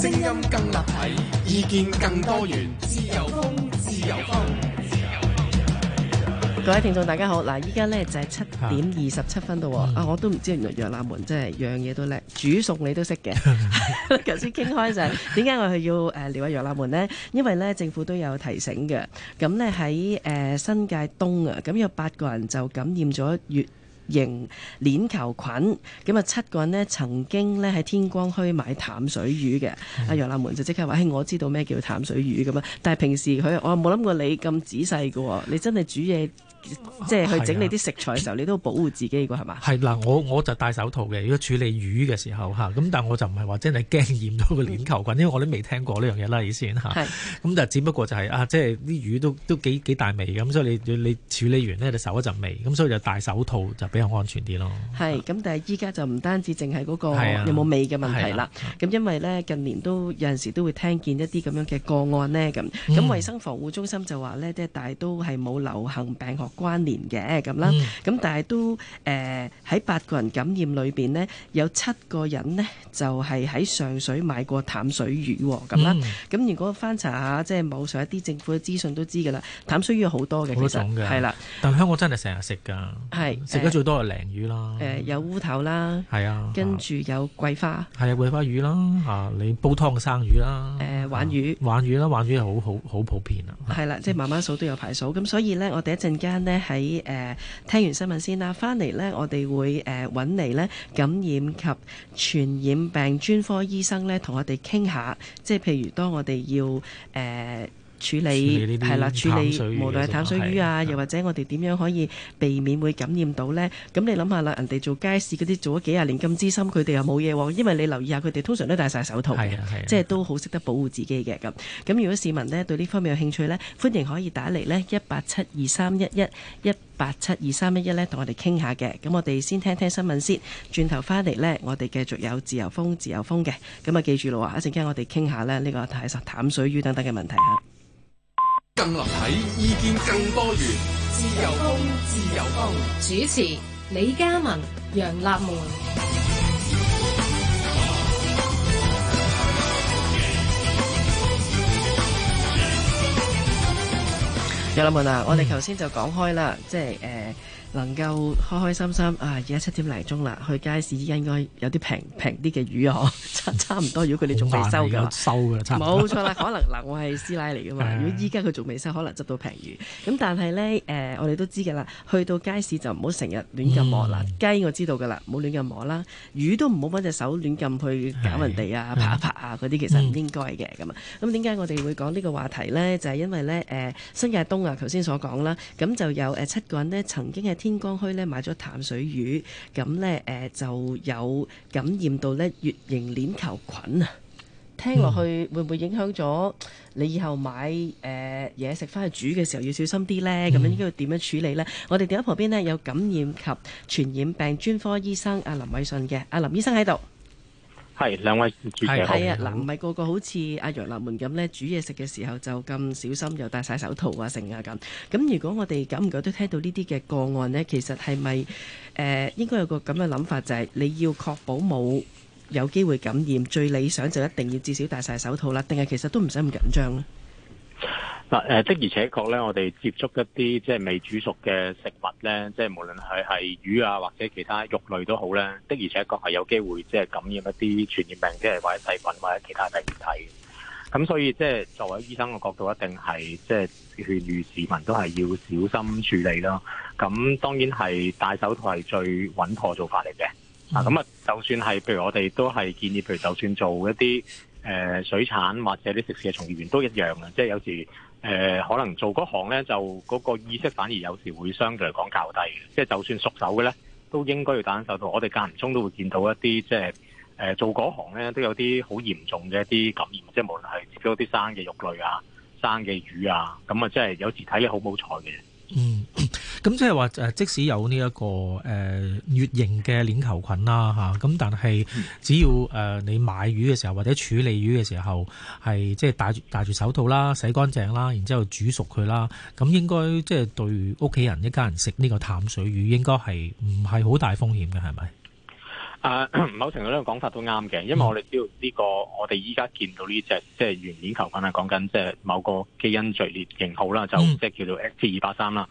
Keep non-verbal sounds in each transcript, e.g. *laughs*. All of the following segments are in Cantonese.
聲音更立體，意見更多元，自由風，自由風，自由風。各位聽眾大家好，嗱，依家呢就係七點二十七分到啊，我都唔知原來楊立門真係樣嘢都叻，煮餸你都識嘅。頭先傾開就係，點解我係要誒聊一下楊立門呢？因為呢政府都有提醒嘅，咁呢喺誒新界東啊，咁有八個人就感染咗越。型鏈球菌，咁啊七個人呢曾經呢喺天光墟買淡水魚嘅，阿楊立門就即刻話：，哎，我知道咩叫淡水魚咁啊！但係平時佢我冇諗過你咁仔細㗎喎，你真係煮嘢即係去整理啲食材嘅時候，的你都保護自己嘅係嘛？係啦，我我就戴手套嘅。如果處理魚嘅時候嚇，咁但係我就唔係話真係驚染到個鏈球菌，嗯、因為我都未聽過呢樣嘢啦。以前嚇，咁是的 但係只不過就係、是、啊，即係啲魚都都幾幾大味咁，所以你你處理完呢，你手一陣味，咁所以就戴手套就比較安全啲咯。係，咁但係依家就唔單止淨係嗰個有冇味嘅問題啦。咁因為呢，近年都有陣時候都會聽見一啲咁樣嘅個案呢。咁咁衞生防護中心就話呢，即係大都係冇流行病學關聯嘅咁啦，咁、嗯、但係都誒喺八個人感染裏邊呢，有七個人呢，就係、是、喺上水買過淡水魚咁啦。咁、嗯、如果翻查下即係網上一啲政府嘅資訊都知㗎啦，淡水魚好多嘅其實、好多種嘅、係啦，但香港真係成日食㗎，係食得最多係鯪魚啦，誒、呃呃、有烏頭啦，係啊，跟住有桂花，係啊，啊桂花魚啦嚇、啊，你煲湯嘅生魚啦，誒鯇、呃、魚，鯇、啊、魚啦鯇魚好好好好普遍啊，係啦，嗯、即係慢慢數都有排數，咁所以呢，我哋一陣間。咧喺誒聽完新聞先啦，翻嚟咧我哋會誒揾嚟咧感染及傳染病專科醫生咧，同我哋傾下，即係譬如當我哋要誒。呃處理係啦，處理無論係淡水魚啊，的又或者我哋點樣可以避免會感染到呢？咁的你諗下啦，人哋做街市嗰啲做咗幾廿年咁資深，佢哋又冇嘢喎。因為你留意下，佢哋通常都戴晒手套，即係的都好識得保護自己嘅。咁咁的，的如果市民呢，對呢方面有興趣呢，歡迎可以打嚟呢一八七二三一一一八七二三一一呢，同我哋傾下嘅。咁我哋先聽聽新聞先，轉頭翻嚟呢，我哋繼續有自由風自由風嘅。咁啊，記住啦喎，一陣間我哋傾下呢，呢、這個係淡水魚等等嘅問題嚇。更立體，意見更多元。自由風，自由風。主持李嘉文、楊立門。楊立門啊，我哋頭先就講開啦，嗯、即係誒。呃能夠開開心心啊！而家七點零鐘啦，去街市依家應該有啲平平啲嘅魚哦，差差唔多。如果佢哋仲未收嘅話，收噶啦，冇錯啦。 *laughs* 可能嗱、啊，我係師奶嚟噶嘛。的如果依家佢仲未收，可能執到平魚。咁、嗯、但係咧，誒、呃，我哋都知嘅啦。去到街市就唔好成日亂咁摸啦。嗯、雞我知道嘅啦，唔好亂咁摸啦。魚都唔好揾隻手亂咁去搞人哋啊、拍一拍啊嗰啲，那些其實唔應該嘅咁啊。咁點解我哋會講呢個話題咧？就係、是、因為咧，誒、呃，新界東啊，頭先所講啦。咁就有誒七個人呢曾經係，天光墟咧買咗淡水魚，咁咧誒就有感染到咧乙型鏈球菌啊！聽落去會唔會影響咗你以後買誒嘢、呃、食翻去煮嘅時候要小心啲呢？咁樣應該要點樣處理呢？嗯、我哋電話旁邊呢，有感染及傳染病專科醫生阿林緯遜嘅，阿林，林醫生喺度。係兩位主持嘅。係係啊，嗱，唔係個個好似阿楊立門咁咧，煮嘢食嘅時候就咁小心，又戴晒手套啊，成啊咁。咁如果我哋久唔久都聽到呢啲嘅個案咧，其實係咪誒，應該有個咁嘅諗法，就係你要確保冇有機會感染，最理想就一定要至少戴晒手套啦，定係其實都唔使咁緊張咧？嗱，的而且確咧，我哋接觸一啲即係未煮熟嘅食物咧，即係無論佢係魚啊或者其他肉類都好咧，的而且確係有機會即係感染一啲傳染病，即係或者細菌或者其他病體。咁所以即係作為醫生嘅角度，一定係即係勸喻市民都係要小心處理囉。咁當然係戴手套係最穩妥做法嚟嘅。啊，咁啊，就算係譬如我哋都係建議，譬如就算做一啲誒、呃、水產或者啲食肆嘅從業員都一樣啊。即係有時誒、呃、可能做嗰行咧，就嗰個意識反而有時會相對嚟講較低。即係就算熟手嘅咧，都應該要戴緊手套。我哋間唔中都會見到一啲即係誒、呃、做嗰行咧都有啲好嚴重嘅一啲感染，即係無論係接咗啲生嘅肉類啊、生嘅魚啊，咁啊，即係有時睇咧好冇彩嘅。嗯。 *laughs* 咁即係話誒，即使有呢一個誒乙型嘅鏈球菌啦嚇，咁但係只要誒你買魚嘅時候或者處理魚嘅時候係即係戴住戴住手套啦、洗乾淨啦，然之後煮熟佢啦，咁應該即係對屋企人一家人食呢個淡水魚應該係唔係好大風險嘅，係咪？啊，uh, 某程度呢個講法都啱嘅，因為我哋知道呢個、嗯這個、我哋依家見到呢隻即係乙型鏈球菌係講緊即係某個基因序列型號啦，就即係、嗯、叫做 X 二八三啦。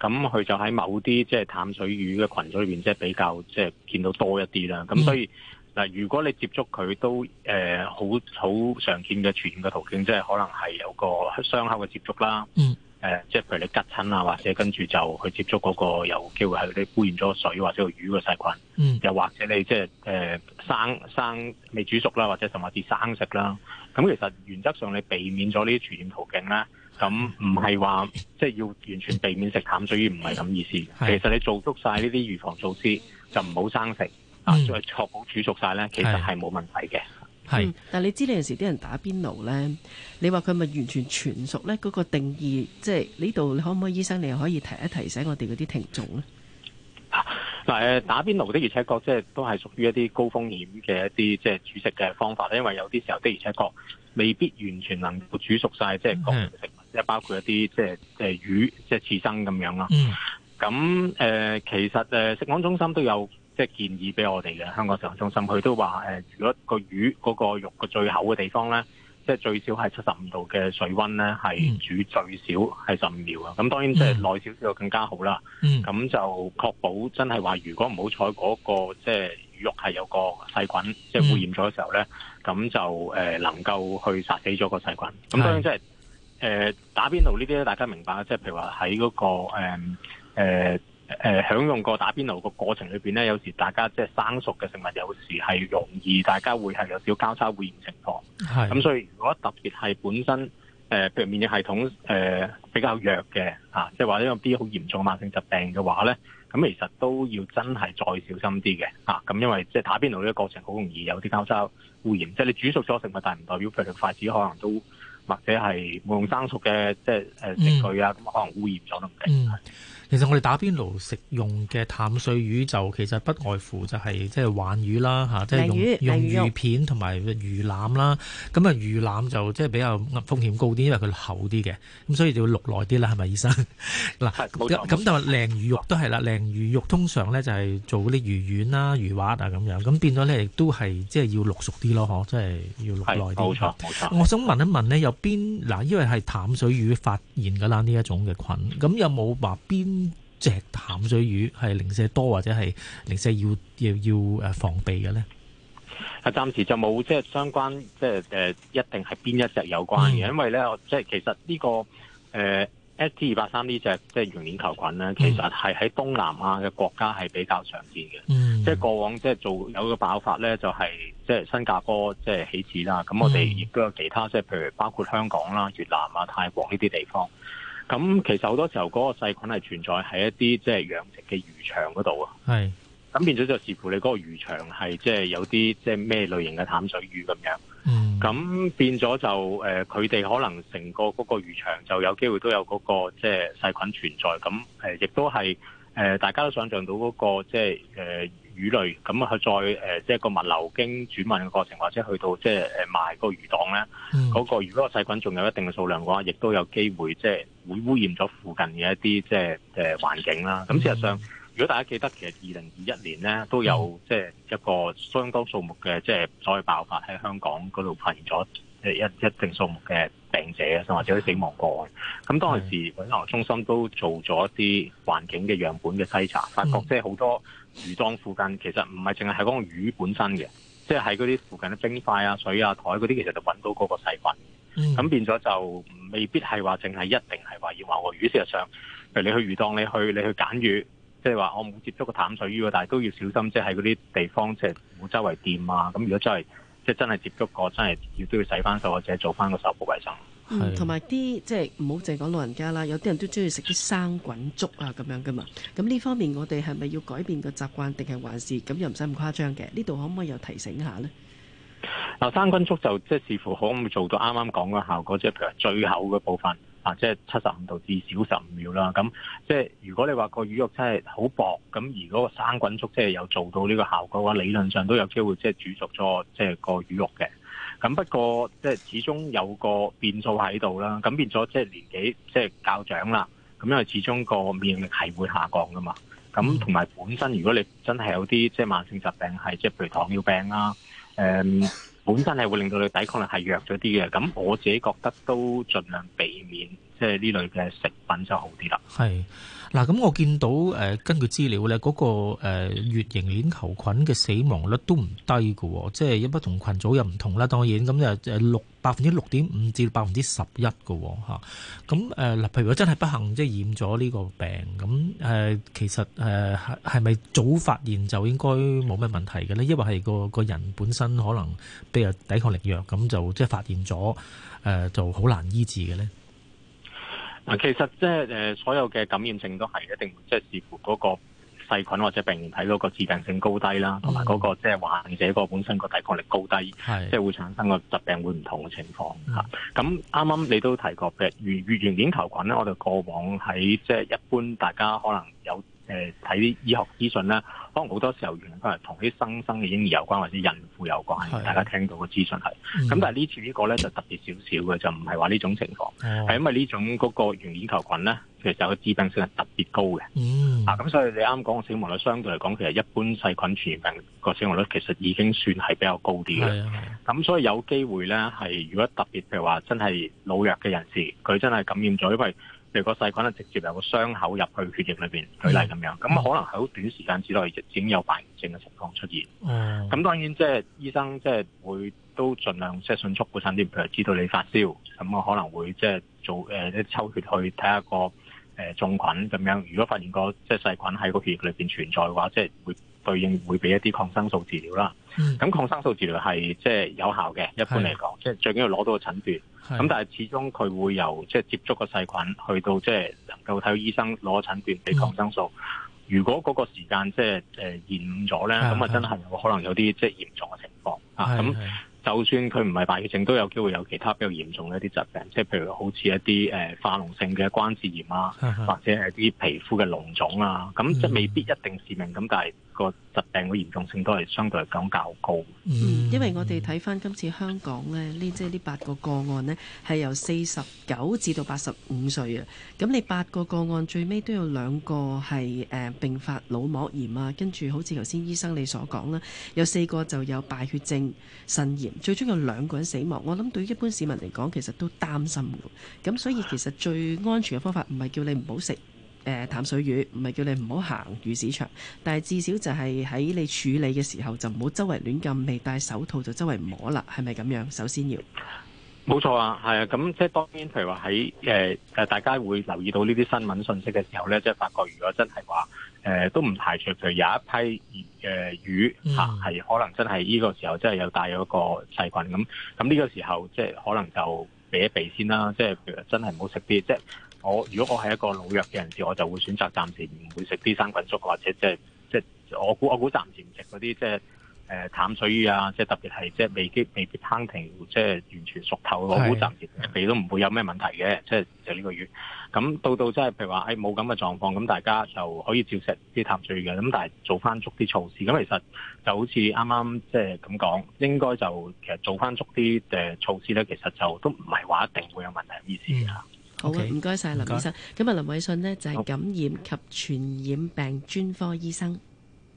咁佢、嗯、就喺某啲即係淡水魚嘅群組裏邊，即係比較即係見到多一啲啦。咁所以嗱，嗯、如果你接觸佢都誒好好常見嘅傳染嘅途徑，即係可能係有個傷口嘅接觸啦。嗯誒，即係、呃、譬如你吉親啦，或者跟住就去接觸嗰個有機會喺你污染咗水或者個魚嘅細菌，嗯、又或者你即係誒生生未煮熟啦，或者甚至生食啦，咁其實原則上你避免咗呢啲傳染途徑咧，咁唔係話即係要完全避免食淡水魚，唔係咁意思。是其實你做足晒呢啲預防措施，就唔好生食、嗯、啊，再確保煮熟晒咧，其實係冇問題嘅。是嗯是嗯，但係你知呢陣時啲人打邊爐咧，你話佢咪完全全熟咧？嗰、那個定義，即係呢度，你可唔可以醫生，你又可以提一提醒我哋嗰啲聽眾咧？嗱，誒打邊爐的而且確，即係都係屬於一啲高風險嘅一啲即係煮食嘅方法啦。因為有啲時候的而且確未必完全能夠煮熟晒，即係各樣食物，即係是包括一啲即係誒魚，即、就、係、是、刺身咁樣啦。咁誒、嗯呃，其實誒食安中心都有。即係建議俾我哋嘅香港食物中心，佢都話誒，如果個魚嗰個肉個最厚嘅地方咧，即係最少係七十五度嘅水溫咧，係煮最少係十五秒啊。咁當然即係耐少少更加好啦。咁就確保真係話，如果唔好彩嗰個即係魚肉係有個細菌，即係污染咗嘅時候咧，咁就誒能夠去殺死咗個細菌。咁當然即係誒打邊爐呢啲咧，大家明白啦。即係譬如話喺嗰個誒、呃呃誒、呃、享用過打邊爐個過程裏面咧，有時大家即係生熟嘅食物，有時係容易大家會係有少交叉污染情況。咁的，所以如果特別係本身誒譬、呃、如免疫系統誒、呃、比較弱嘅嚇，即係或者有啲好嚴重嘅慢性疾病嘅話咧，咁其實都要真係再小心啲嘅嚇。咁、啊、因為即係打邊爐呢個過程好容易有啲交叉污染，的嗯、即係你煮熟咗食物，但唔代表佢嘅筷子可能都或者係冇用生熟嘅即係誒食具啊，咁可能污染咗都唔定。嗯嗯其實我哋打邊爐食用嘅淡水魚就其實不外乎就係即係鯇魚啦嚇，即係用用魚片同埋魚腩啦。咁啊魚腩就即係比較風險高啲，因為佢厚啲嘅，咁所以就要淥耐啲啦，係咪醫生？嗱，咁就鯪魚肉都係啦，鯪魚肉通常咧就係做啲魚丸啦、魚滑啊咁樣，咁變咗咧亦都係即係要淥熟啲咯，嗬、係，即係要淥耐啲。冇錯我想問一問呢，有邊嗱？因為係淡水魚發現噶啦呢一種嘅菌，咁有冇話邊？隻淡水魚係零舍多或者係零舍要要要誒防備嘅咧？啊，暫時就冇即係相關，即係誒一定係邊一隻有關嘅？嗯、因為咧，即係其實呢、呢個誒 ST283 呢隻即係乙型鏈球菌咧，嗯、其實係喺東南亞嘅國家係比較常見嘅。即係、嗯、過往即係做有個爆發咧，就係即係新加坡即係、就是、起始啦。咁我哋亦都有其他，即係、嗯、譬如包括香港啦、越南啊、泰國呢啲地方。咁其實好多時候嗰個細菌係存在喺一啲即係養殖嘅魚場嗰度啊。係。咁變咗就視乎你嗰個魚場係即係有啲即係咩類型嘅淡水魚咁樣。嗯。咁變咗就誒，佢哋可能成個嗰個魚場就有機會都有嗰個即係細菌存在。咁誒，亦都係誒，大家都想像到嗰個即係誒魚類咁去再誒，即係個物流經轉運嘅過程，或者去到即係誒賣嗰個魚檔咧，嗰、嗯、個如果個細菌仲有一定嘅數量嘅話，亦都有機會即係。會污染咗附近嘅一啲即係誒環境啦。咁事實上，如果大家記得，其實二零二一年咧都有即係一個相當數目嘅即係所爆發喺香港嗰度發現咗一一,一定數目嘅病者，甚至乎死亡個案。咁當時揾行是中心都做咗一啲環境嘅樣本嘅篩查，發覺即係好多魚檔附近其實唔係淨係係嗰個魚本身嘅，即係喺嗰啲附近嘅冰塊啊、水啊、台嗰啲，其實就揾到嗰個細菌。咁、嗯、變咗就未必係話，淨係一定係話要話我魚。事實上，譬如你去魚檔，你去你去揀魚，即係話我冇接觸過淡水魚，但係都要小心，即係喺嗰啲地方即係冇周圍掂啊。咁如果真係即係真係接觸過，真係要都要洗翻手或者做翻個手部衞生。同埋啲即係唔好淨係講老人家啦，有啲人都中意食啲生滾粥啊咁樣噶嘛。咁呢方面我哋係咪要改變個習慣，定係還是咁又唔使咁誇張嘅？呢度可唔可以又提醒下咧？嗱，生滾粥就即係視乎可唔可以做到啱啱講嘅效果，即係譬如最厚嘅部分，啊，即係七十五度至少十五秒啦。咁即係如果你話個魚肉真係好薄，咁如果個生滾粥即係有做到呢個效果嘅話，理論上都有機會即係煮熟咗即係個魚肉嘅。咁不過即係始終有個變數喺度啦。咁變咗即係年紀即係較長啦。咁因為始終個免疫力係會下降㗎嘛。咁同埋本身如果你真係有啲即係慢性疾病係即係譬如糖尿病啦。誒、嗯。本身係會令到你抵抗力係弱咗啲嘅，咁我自己覺得都盡量避免。即係呢類嘅食品就好啲啦。係嗱，咁我見到誒，根據資料咧，嗰、嗰個乙型鏈球菌嘅死亡率都唔低喎，即係一不同群組又唔同啦。當然咁就六百分之六點五至百分之十一㗎喎。咁嗱，譬如話真係不幸即係染咗呢個病，咁其實係咪早發現就應該冇咩問題嘅咧？因為係個，個人本身可能比如抵抗力弱，咁就即係發現咗、呃、就好難醫治嘅咧？其實即係所有嘅感染性都係一定，即係視乎嗰個細菌或者病原體嗰個致病性高低啦，同埋嗰個即係患者個本身個抵抗力高低，係即係會產生個疾病會唔同嘅情況吓。咁啱啱你都提過，譬如乙型鏈球菌咧，我哋過往喺即係一般大家可能有。誒睇醫學資訊咧，可能好多時候原來係同啲新生嘅嬰兒有關，或者孕婦有關，大家聽到嘅資訊係。咁的但係呢次呢個咧就特別少少嘅，就唔係話呢種情況，係的因為呢種嗰個乙型鏈球菌咧，其實有個致病性係特別高嘅。的啊，咁所以你啱啱講嘅死亡率，相對嚟講，其實一般細菌傳染病個死亡率其實已經算係比較高啲嘅。咁的所以有機會咧，係如果特別譬如話真係老弱嘅人士，佢真係感染咗，因為例如個細菌啊，直接由個傷口入去血液裏邊，舉例咁樣，咁可能喺好短時間之內，已經有敗血症嘅情況出現。咁、嗯、當然即係醫生即係會都盡量即係迅速嘅診斷，譬如知道你發燒，咁我可能會即係做誒一、呃、抽血去睇下個誒、呃、種菌咁樣。如果發現個即係細菌喺個血液裏邊存在嘅話，即係會。佢應會俾一啲抗生素治療啦。咁抗生素治療係即係有效嘅，一般嚟講，即係最緊要攞到個診斷。咁但係始終佢會由即係接觸個細菌，去到即係能夠睇醫生攞診斷，俾抗生素。如果嗰個時間即係誒延誤咗咧，咁啊真係可能有啲即係嚴重嘅情況啊。咁就算佢唔係敗血症，都有機會有其他比較嚴重嘅一啲疾病，即係譬如好似一啲誒化膿性嘅關節炎啊，或者係啲皮膚嘅膿腫啊。咁即係未必一定致命，咁但係，個疾病嘅嚴重性都係相對嚟講較高。嗯，因為我哋睇返今次香港咧，呢即係呢八個個案呢，係由四十九至到八十五歲啊。咁你八個個案最尾都有兩個係誒併發腦膜炎啊，跟住好似頭先醫生你所講啦，有四個就有敗血症、腎炎，最終有兩個人死亡。我諗對於一般市民嚟講，其實都擔心嘅。咁所以其實最安全嘅方法唔係叫你唔好食。誒、呃、淡水魚唔係叫你唔好行魚市場，但係至少就係喺你處理嘅時候就唔好周圍亂咁，未戴手套就周圍摸啦，係咪咁樣？首先要冇錯啊，係啊，咁即係當然，譬如話喺誒誒大家會留意到呢啲新聞信息嘅時候咧，即係發覺如果真係話誒都唔排除，譬如有一批誒、呃、魚嚇係、嗯、可能真係呢個時候真係有帶有一個細菌咁，咁呢個時候即係可能就避一避先啦，即係譬如真係唔好食啲即。我如果我係一個老弱嘅人士，我就會選擇暫時唔會食啲生滾粥，或者即係即係我估我估暫時唔食嗰啲即係誒淡水魚啊，即係特別係即係未經未經烹調，即係完全熟透，我估暫時你的都唔會有咩問題嘅，即係就呢個魚。咁到到即係譬如話誒冇咁嘅狀況，咁大家就可以照食啲淡水魚嘅。咁但係做翻足啲措施，咁其實就好似啱啱即係咁講，應該就其實做翻足啲誒措施咧，其實就都唔係話一定會有問題意思啊。嗯。好啊，唔該晒林醫生。咁啊謝，林緯遜呢就係感染及傳染病專科醫生。